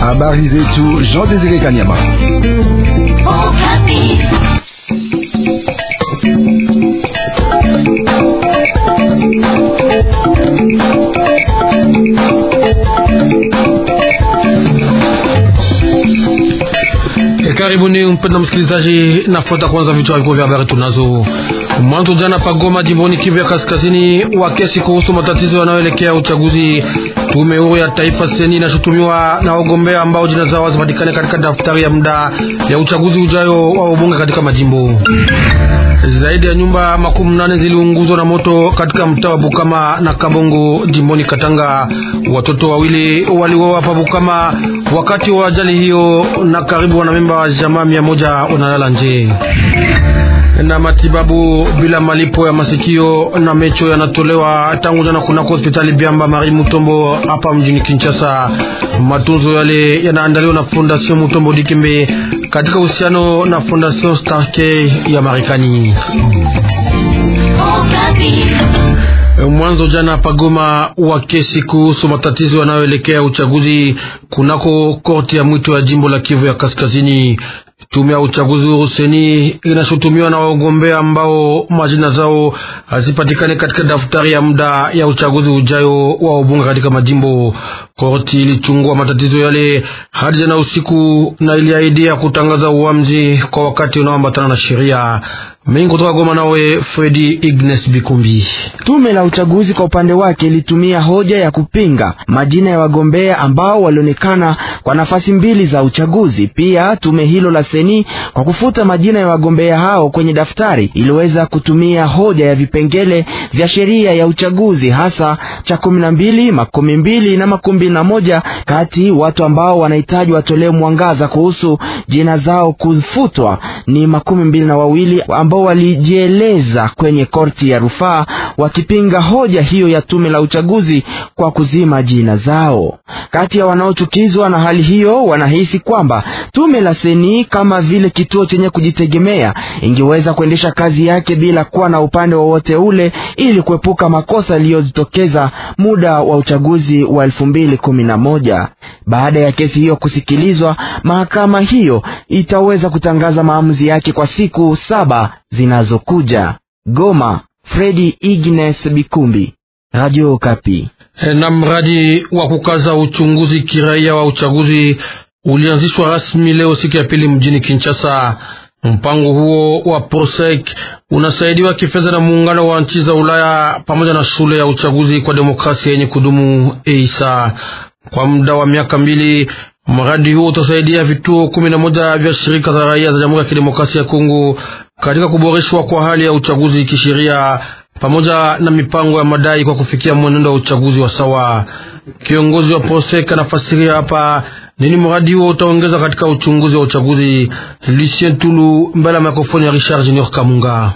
Habari zetu Jean Desire Kanyama. Eh, karibuni mpenda msikilizaji, nafuata kwanza vichwa vikuu vya habari tunazo. Mwanzo jana pagoma jimboni Kivu ya Kaskazini wa kuhusu matatizo yanayoelekea uchaguzi Tume huru ya taifa seni inashutumiwa na wagombea ambao jina zao hazipatikane katika daftari ya muda ya uchaguzi ujayo wa ubunge katika majimbo. Zaidi ya nyumba makumi nane ziliunguzwa na moto katika mtaa wa Bukama na Kabongo jimboni Katanga. Watoto wawili waliuawa pa Bukama wakati wa ajali hiyo, na karibu wanamemba wa jamaa mia moja wanalala nje na matibabu bila malipo ya masikio na mecho yanatolewa tangu jana kunako hospitali Biamba mari Mutombo hapa mjini Kinshasa. Matunzo yale yanaandaliwa na Fondation Mutombo Dikembe katika uhusiano na Fondation starke ya Marekani. Mwanzo jana pagoma wa kesi kuhusu matatizo yanayoelekea uchaguzi kunako korti ya mwito ya jimbo la Kivu ya Kaskazini. Tume ya uchaguzi huru seni inashutumiwa na wagombea ambao majina zao hazipatikani katika daftari ya muda ya uchaguzi ujayo wa ubunge katika majimbo. Korti ilichungua matatizo yale hadi jana usiku na iliahidia kutangaza uamuzi kwa wakati unaoambatana na sheria. Mengi kutoka Goma nawe Fredi Ignes Bikumbi. Tume la uchaguzi kwa upande wake ilitumia hoja ya kupinga majina ya wagombea ambao walionekana kwa nafasi mbili za uchaguzi. Pia tume hilo la seni kwa kufuta majina ya wagombea hao kwenye daftari iliweza kutumia hoja ya vipengele vya sheria ya uchaguzi hasa cha kumi na mbili, makumi mbili na makumi na moja kati watu ambao wanahitaji watolewe mwangaza kuhusu jina zao kufutwa ni makumi mbili na wawili ambao ambao walijieleza kwenye korti ya rufaa wakipinga hoja hiyo ya tume la uchaguzi kwa kuzima jina zao. Kati ya wanaochukizwa na hali hiyo wanahisi kwamba tume la Seni kama vile kituo chenye kujitegemea ingeweza kuendesha kazi yake bila kuwa na upande wowote ule ili kuepuka makosa yaliyojitokeza muda wa uchaguzi wa elfu mbili kumi na moja. Baada ya kesi hiyo kusikilizwa, mahakama hiyo itaweza kutangaza maamuzi yake kwa siku saba zinazokuja. Goma, Fredi Ignes Bikumbi, Radio Okapi. E, na mradi wa kukaza uchunguzi kiraia wa uchaguzi ulianzishwa rasmi leo siku ya pili mjini Kinshasa. Mpango huo wa PROSEC unasaidiwa kifedha na muungano wa nchi za Ulaya pamoja na shule ya uchaguzi kwa demokrasia yenye kudumu EISA kwa muda wa miaka mbili. Mradi huo utasaidia vituo kumi na moja vya shirika za raia za Jamhuri ya Kidemokrasia ya Kongo katika kuboreshwa kwa hali ya uchaguzi kisheria pamoja na mipango ya madai kwa kufikia mwenendo wa uchaguzi wa sawa. Kiongozi wa Prosek anafasiria hapa nini mradi huo utaongeza katika uchunguzi wa uchaguzi. Lucien Tulu mbele ya mikrofoni ya Richard Junior Kamunga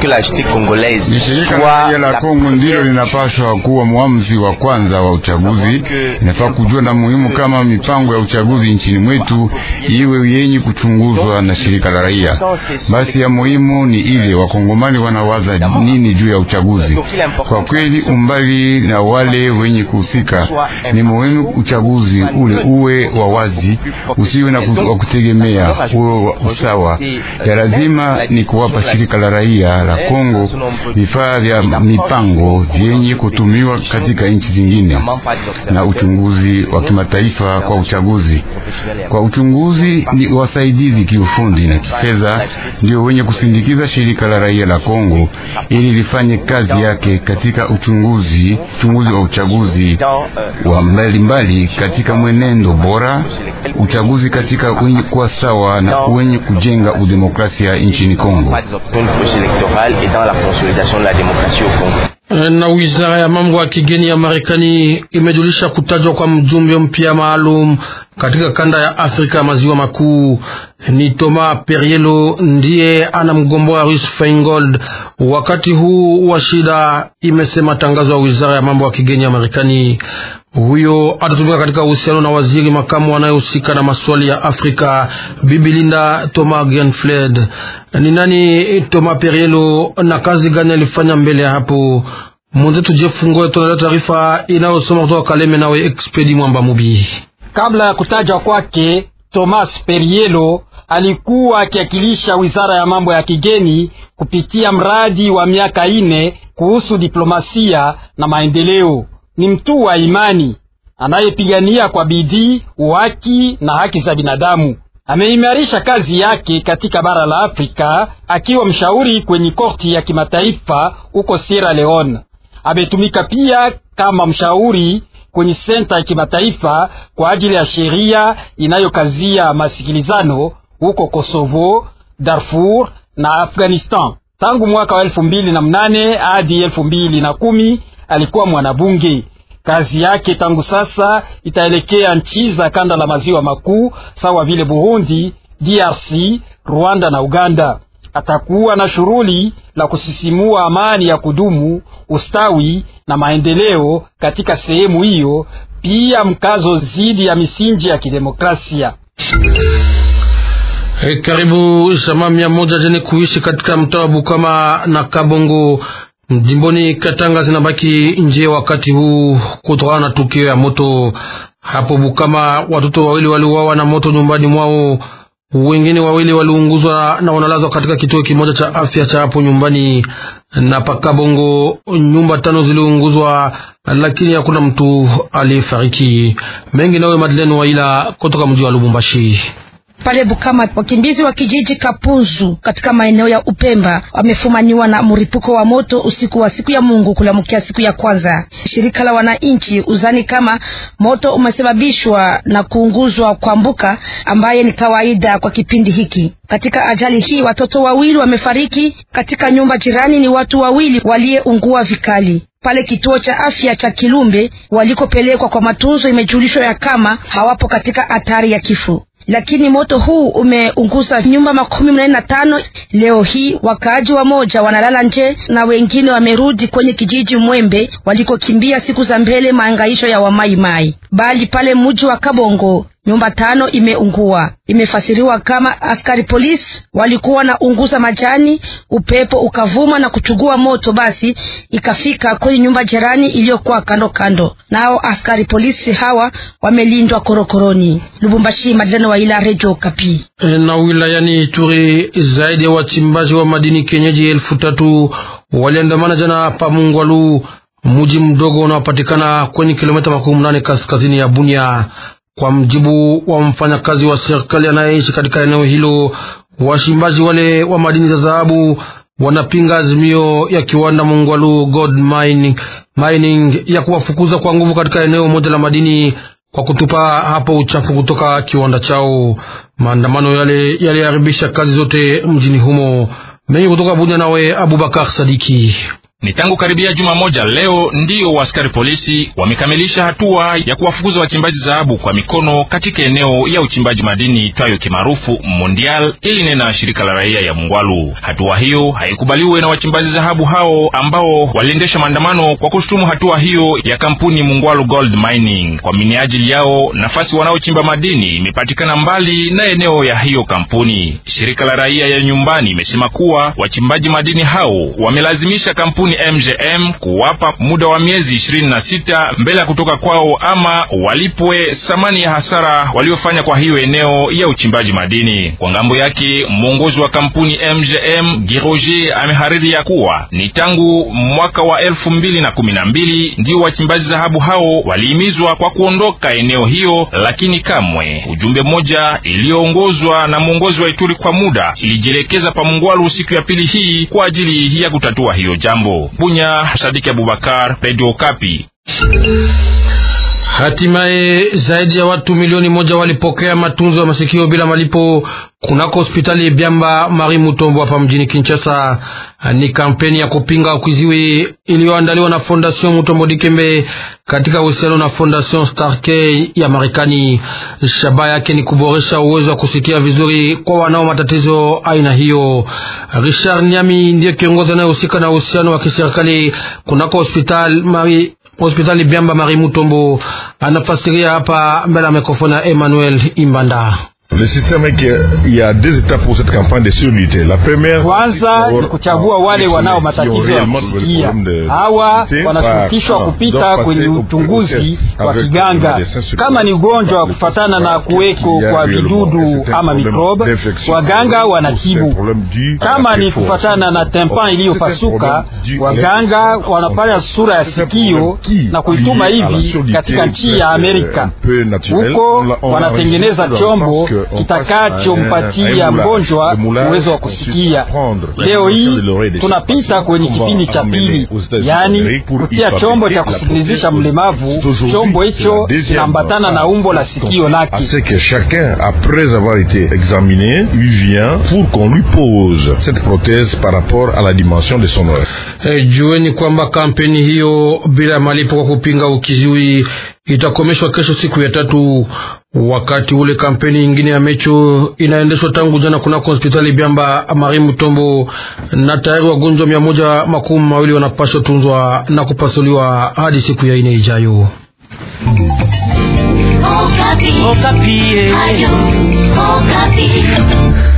ni shirika la raia la Kongo ndilo linapaswa kuwa mwamzi wa kwanza wa uchaguzi. Inafaa kujua na muhimu kama mipango ya uchaguzi nchini mwetu iwe yenye kuchunguzwa na shirika la raia. Basi ya muhimu ni ile wakongomani wanawaza nini juu ya uchaguzi. Kwa kweli, umbali na wale wenye kuhusika ni muhimu. Uchaguzi ule uwe wa wazi, usiwe na wa kutegemea, uwe usawa. Ya lazima ni kuwapa shirika la raia la Kongo eh, vifaa vya mipango vyenye kutumiwa katika nchi zingine na uchunguzi wa kimataifa kwa uchaguzi. Kwa uchunguzi ni wasaidizi kiufundi na kifedha ndio wenye kusindikiza shirika la raia la Kongo ili lifanye kazi yake katika uchunguzi, uchunguzi wa uchaguzi wa mbalimbali katika mwenendo bora, uchaguzi katika wenye kuwa sawa na wenye kujenga udemokrasia nchini Kongo. morale et dans la consolidation de la démocratie au Congo. Eh, na wizara ya mambo ya kigeni ya Marekani imejulisha kutajwa kwa mjumbe mpya maalum katika kanda ya Afrika maziwa makuu. Ni Thomas Perielo ndiye ana anamgomboa rus Feingold wakati huu wa shida, imesema tangazo ya wizara ya mambo ya kigeni ya Marekani. Huyo atatumika katika uhusiano na waziri makamu anayehusika na maswali ya Afrika, Bibi Linda Thomas Greenfield. Ni nani Thomas Perielo na kazi gani alifanya mbele ya hapo? Mwenzetu Jeff tunaleta taarifa inayosoma kutoka Kaleme, nawe Expedi Mwamba Mubi. Kabla ya kutajwa kwake, Thomas Perielo alikuwa akiakilisha wizara ya mambo ya kigeni kupitia mradi wa miaka ine kuhusu diplomasia na maendeleo. Ni mtu wa imani anayepigania kwa bidii uhaki na haki za binadamu. Ameimarisha kazi yake katika bara la Afrika akiwa mshauri kwenye korti ya kimataifa huko Sierra Leone. Ametumika pia kama mshauri kwenye senta ya kimataifa kwa ajili ya sheria inayokazia masikilizano huko Kosovo, Darfur na Afghanistan. Tangu mwaka wa elfu mbili na mnane hadi elfu mbili na kumi alikuwa mwanabunge. Kazi yake tangu sasa itaelekea nchi za kanda la maziwa makuu sawa vile Burundi, DRC, Rwanda na Uganda atakuwa na shughuli la kusisimua amani ya kudumu, ustawi na maendeleo katika sehemu hiyo, pia mkazo zidi ya misingi ya kidemokrasia. Hey, karibu jamaa mia moja zenye kuishi katika mtaa wa Bukama na Kabongo jimboni Katanga zinabaki nje wakati huu kutokana na tukio ya moto hapo Bukama. Watoto wawili waliuawa na moto nyumbani mwao wengine wawili waliunguzwa na wanalazwa katika kituo kimoja cha afya cha hapo nyumbani. Na Pakabongo nyumba tano ziliunguzwa, lakini hakuna mtu aliyefariki. Mengi nawe Madeleine Waila kutoka mji wa Lubumbashi pale Bukama. Wakimbizi wa kijiji Kapunzu katika maeneo ya Upemba wamefumaniwa na mripuko wa moto usiku wa siku ya Mungu kulamkia siku ya kwanza. Shirika la wananchi uzani kama moto umesababishwa na kuunguzwa kwa mbuka ambaye ni kawaida kwa kipindi hiki. Katika ajali hii watoto wawili wamefariki. Katika nyumba jirani ni watu wawili waliyeungua vikali pale kituo cha afya cha Kilumbe walikopelekwa kwa matunzo, imejulishwa ya kama hawapo katika hatari ya kifo lakini moto huu umeunguza nyumba makumi mnane na tano leo hii. Wakaaji wa moja wanalala nje na wengine wamerudi kwenye kijiji Mwembe walikokimbia siku za mbele maangaisho ya wamaimai, bali pale mji wa Kabongo nyumba tano imeungua. Imefasiriwa kama askari polisi walikuwa na unguza majani, upepo ukavuma na kuchugua moto, basi ikafika kwenye nyumba jirani iliyokuwa kando kando. Nao askari polisi hawa wamelindwa korokoroni. Lubumbashi, Madleno wa ila Radio Kapi. E, na wilayani Ituri, zaidi ya wachimbaji wa madini kenyeji elfu tatu waliandamana jana Pamungwalu, muji mdogo unaopatikana kwenye kilomita makumi nane kaskazini ya Bunia. Kwa mjibu wa mfanyakazi wa serikali anayeishi katika eneo hilo, washimbazi wale wa madini za dhahabu wanapinga azimio ya kiwanda Mungwalu Gold Mining, Mining ya kuwafukuza kwa nguvu katika eneo moja la madini kwa kutupa hapo uchafu kutoka kiwanda chao. Maandamano yale yaliharibisha kazi zote mjini humo. Mengi kutoka Bunya, nawe Abubakar Sadiki. Ni tangu karibia juma moja leo ndiyo waaskari polisi wamekamilisha hatua ya kuwafukuza wachimbaji dhahabu kwa mikono katika eneo ya uchimbaji madini itwayo kimaarufu Mondial, nena shirika la raia ya Mungwalu. Hatua hiyo haikubaliwe na wachimbaji dhahabu hao ambao waliendesha maandamano kwa kushutumu hatua hiyo ya kampuni Mungwalu Gold Mining. Kwa miniajili yao, nafasi wanaochimba madini imepatikana mbali na eneo ya hiyo kampuni. Shirika la raia ya nyumbani imesema kuwa wachimbaji madini hao wamelazimisha kampuni kampuni MGM kuwapa muda wa miezi ishirini na sita mbele ya kutoka kwao, ama walipwe thamani ya hasara waliofanya kwa hiyo eneo ya uchimbaji madini. Kwa ngambo yake mwongozi wa kampuni MGM Giroge amehariri ya kuwa ni tangu mwaka wa elfu mbili na kumi na mbili ndio wachimbaji dhahabu hao walihimizwa kwa kuondoka eneo hiyo, lakini kamwe. Ujumbe mmoja iliyoongozwa na mwongozi wa Ituri kwa muda ilijielekeza pa Mungwalu siku ya pili hii kwa ajili ya kutatua hiyo jambo. Bunya, Sadiki Abubakar, Radio Kapi. Hatimaye zaidi ya watu milioni moja walipokea matunzo ya masikio bila malipo kunako hospitali biamba Mari Mutombo hapa mjini Kinshasa. Ni kampeni ya kupinga ukiziwi iliyoandaliwa na Fondation Mutombo Dikembe katika uhusiano na Fondation starke ya Marekani. Shabaha yake ni kuboresha uwezo wa kusikia vizuri kwa wanao matatizo aina hiyo. Richard Nyami ndiye kiongozi anayehusika na uhusiano wa kiserikali kunako hospitali Mari hospitali Byamba Mari Mutombo anafasiria hapa mbele ya mikrofoni ya Emmanuel Imbanda. Kwanza ni kuchagua wale wanao matatizo ya kusikia. Hawa wanashurutishwa kupita kwenye uchunguzi wa kiganga, kama ni ugonjwa wa kufatana na kuweko kwa vidudu ama mikrobe, waganga wanatibu. Kama ni kufatana na tempan iliyopasuka, waganga wanapanya sura ya sikio na kuituma hivi katika nchi ya Amerika, huko wanatengeneza chombo Euh, kitakachompatia mgonjwa uwezo wa kusikia. Leo hii tunapita kwenye kipindi cha pili, yaani kutia chombo cha kusikilizisha mlemavu. Chombo hicho kinaambatana na umbo la sikio lake. Jueni kwamba kampeni hiyo bila malipo kwa kupinga ukiziwi itakomeshwa kesho siku ya tatu. Wakati ule kampeni nyingine ya mecho inaendeshwa tangu jana kunako hospitali Biamba Mari Mutombo, na tayari wagonjwa mia moja makumi mawili wanapaswa tunzwa na kupasuliwa hadi siku ya ine ijayo. Okapi. Okapi. Eh.